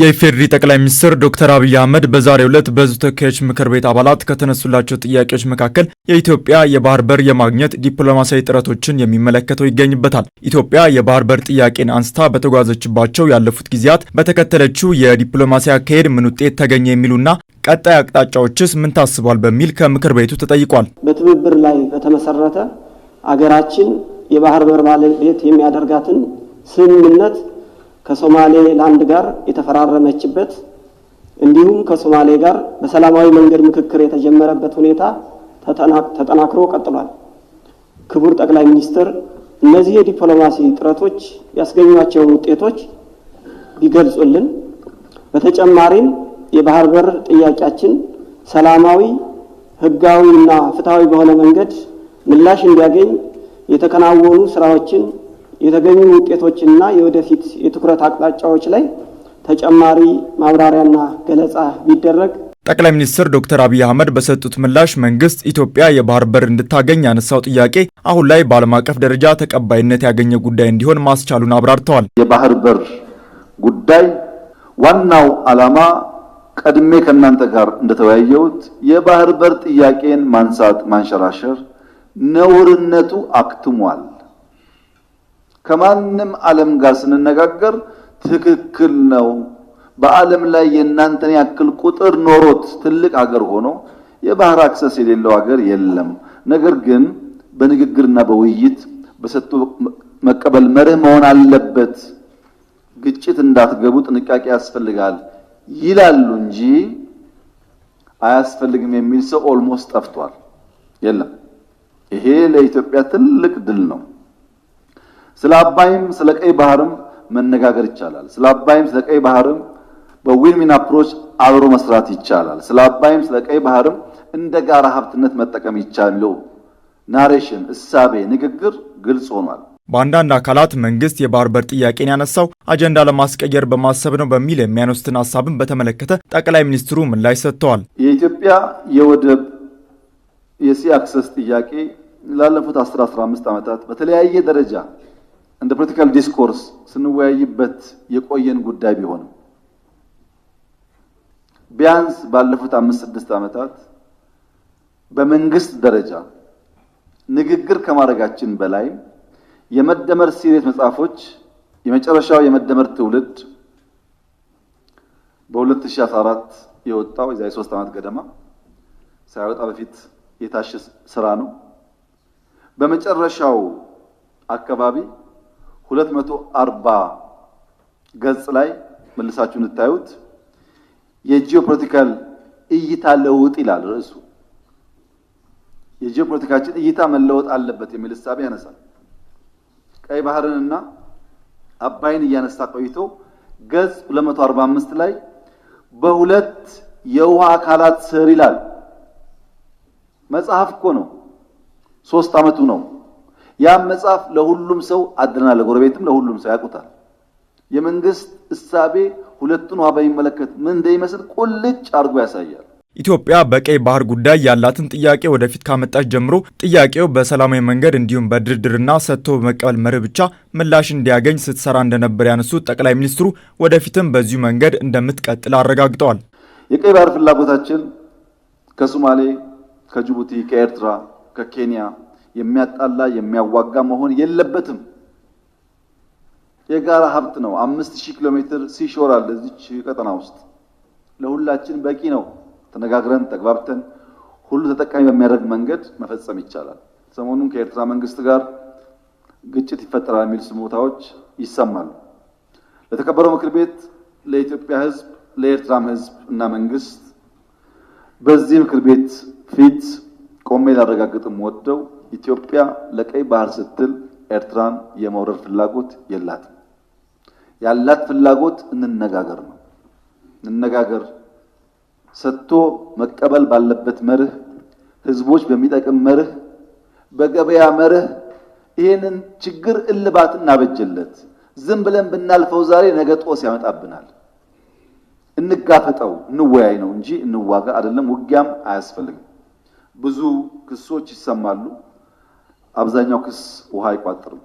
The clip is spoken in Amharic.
የኢፌዴሪ ጠቅላይ ሚኒስትር ዶክተር አብይ አህመድ በዛሬው ዕለት በሕዝብ ተወካዮች ምክር ቤት አባላት ከተነሱላቸው ጥያቄዎች መካከል የኢትዮጵያ የባህር በር የማግኘት ዲፕሎማሲያዊ ጥረቶችን የሚመለከተው ይገኝበታል። ኢትዮጵያ የባህር በር ጥያቄን አንስታ በተጓዘችባቸው ያለፉት ጊዜያት በተከተለችው የዲፕሎማሲ አካሄድ ምን ውጤት ተገኘ የሚሉና ቀጣይ አቅጣጫዎችስ ምን ታስቧል በሚል ከምክር ቤቱ ተጠይቋል። በትብብር ላይ በተመሰረተ አገራችን የባህር በር ባለቤት የሚያደርጋትን ስምምነት ከሶማሌ ላንድ ጋር የተፈራረመችበት እንዲሁም ከሶማሌ ጋር በሰላማዊ መንገድ ምክክር የተጀመረበት ሁኔታ ተጠናክሮ ቀጥሏል። ክቡር ጠቅላይ ሚኒስትር እነዚህ የዲፕሎማሲ ጥረቶች ያስገኟቸውን ውጤቶች ቢገልጹልን። በተጨማሪም የባህር በር ጥያቄያችን ሰላማዊ፣ ህጋዊ እና ፍትሐዊ በሆነ መንገድ ምላሽ እንዲያገኝ የተከናወኑ ስራዎችን የተገኙ ውጤቶችና የወደፊት የትኩረት አቅጣጫዎች ላይ ተጨማሪ ማብራሪያና ገለጻ ቢደረግ ጠቅላይ ሚኒስትር ዶክተር አብይ አህመድ በሰጡት ምላሽ መንግስት ኢትዮጵያ የባህር በር እንድታገኝ ያነሳው ጥያቄ አሁን ላይ በዓለም አቀፍ ደረጃ ተቀባይነት ያገኘ ጉዳይ እንዲሆን ማስቻሉን አብራርተዋል። የባህር በር ጉዳይ ዋናው ዓላማ ቀድሜ ከእናንተ ጋር እንደተወያየሁት የባህር በር ጥያቄን ማንሳት ማንሸራሸር ነውርነቱ አክትሟል። ከማንም ዓለም ጋር ስንነጋገር ትክክል ነው። በዓለም ላይ የእናንተን ያክል ቁጥር ኖሮት ትልቅ አገር ሆኖ የባህር አክሰስ የሌለው አገር የለም። ነገር ግን በንግግርና በውይይት በሰጥቶ መቀበል መርህ መሆን አለበት። ግጭት እንዳትገቡ ጥንቃቄ ያስፈልጋል ይላሉ እንጂ አያስፈልግም የሚል ሰው ኦልሞስት ጠፍቷል። የለም። ይሄ ለኢትዮጵያ ትልቅ ድል ነው። ስለ አባይም ስለ ቀይ ባህርም መነጋገር ይቻላል። ስለ አባይም ስለ ቀይ ባህርም በዊን ዊን አፕሮች አብሮ መስራት ይቻላል። ስለ አባይም ስለ ቀይ ባህርም እንደ ጋራ ሀብትነት መጠቀም ይቻለው ናሬሽን፣ እሳቤ፣ ንግግር ግልጽ ሆኗል። በአንዳንድ አካላት መንግስት የባህር በር ጥያቄን ያነሳው አጀንዳ ለማስቀየር በማሰብ ነው በሚል የሚያነሱትን ሀሳብን በተመለከተ ጠቅላይ ሚኒስትሩ ምላሽ ሰጥተዋል። የኢትዮጵያ የወደብ የሲ አክሰስ ጥያቄ ላለፉት 10 15 ዓመታት በተለያየ ደረጃ እንደ ፖለቲካል ዲስኮርስ ስንወያይበት የቆየን ጉዳይ ቢሆንም ቢያንስ ባለፉት አምስት ስድስት ዓመታት በመንግስት ደረጃ ንግግር ከማድረጋችን በላይ የመደመር ሲሪት መጽሐፎች የመጨረሻው የመደመር ትውልድ በ2014 የወጣው የዛሬ ሶስት ዓመት ገደማ ሳይወጣ በፊት የታሸ ስራ ነው። በመጨረሻው አካባቢ ሁለት መቶ ገጽ ላይ መልሳችሁ እንታዩት የጂኦፖለቲካል እይታ ለውጥ ይላል ርዕሱ። የጂኦፖለቲካችን እይታ መለወጥ አለበት የሚል እሳቤ ያነሳል። ቀይ ባህርንና አባይን እያነሳ ቆይቶ ገጽ 245 ላይ በሁለት የውሃ አካላት ስር ይላል። መጽሐፍ እኮ ነው። ሶስት አመቱ ነው። ያም መጽሐፍ ለሁሉም ሰው አድና ለጎረቤትም ለሁሉም ሰው ያውቁታል። የመንግስት እሳቤ ሁለቱን ውሃ በሚመለከት ምን እንደሚመስል ቁልጭ አድርጎ ያሳያል። ኢትዮጵያ በቀይ ባህር ጉዳይ ያላትን ጥያቄ ወደፊት ካመጣች ጀምሮ ጥያቄው በሰላማዊ መንገድ እንዲሁም በድርድርና ሰጥቶ በመቀበል መርህ ብቻ ምላሽ እንዲያገኝ ስትሰራ እንደነበር ያነሱት ጠቅላይ ሚኒስትሩ ወደፊትም በዚሁ መንገድ እንደምትቀጥል አረጋግጠዋል። የቀይ ባህር ፍላጎታችን ከሶማሌ፣ ከጅቡቲ፣ ከኤርትራ፣ ከኬንያ የሚያጣላ የሚያዋጋ መሆን የለበትም። የጋራ ሀብት ነው። አምስት ሺህ ኪሎ ሜትር ሲሾር አለ እዚች ቀጠና ውስጥ ለሁላችን በቂ ነው። ተነጋግረን ተግባብተን ሁሉ ተጠቃሚ በሚያደርግ መንገድ መፈጸም ይቻላል። ሰሞኑን ከኤርትራ መንግስት ጋር ግጭት ይፈጠራል የሚል ስሞታዎች ይሰማሉ። ለተከበረው ምክር ቤት፣ ለኢትዮጵያ ህዝብ ለኤርትራም ህዝብ እና መንግስት በዚህ ምክር ቤት ፊት ቆሜ ላረጋግጥም ወደው ኢትዮጵያ ለቀይ ባህር ስትል ኤርትራን የመውረር ፍላጎት የላትም። ያላት ፍላጎት እንነጋገር ነው። እንነጋገር ሰጥቶ መቀበል ባለበት መርህ፣ ህዝቦች በሚጠቅም መርህ፣ በገበያ መርህ ይህንን ችግር እልባት እናበጀለት። ዝም ብለን ብናልፈው ዛሬ ነገ ጦስ ያመጣብናል። እንጋፈጠው፣ እንወያይ ነው እንጂ እንዋጋ አይደለም። ውጊያም አያስፈልግም። ብዙ ክሶች ይሰማሉ። አብዛኛው ክስ ውሃ አይቋጥርም።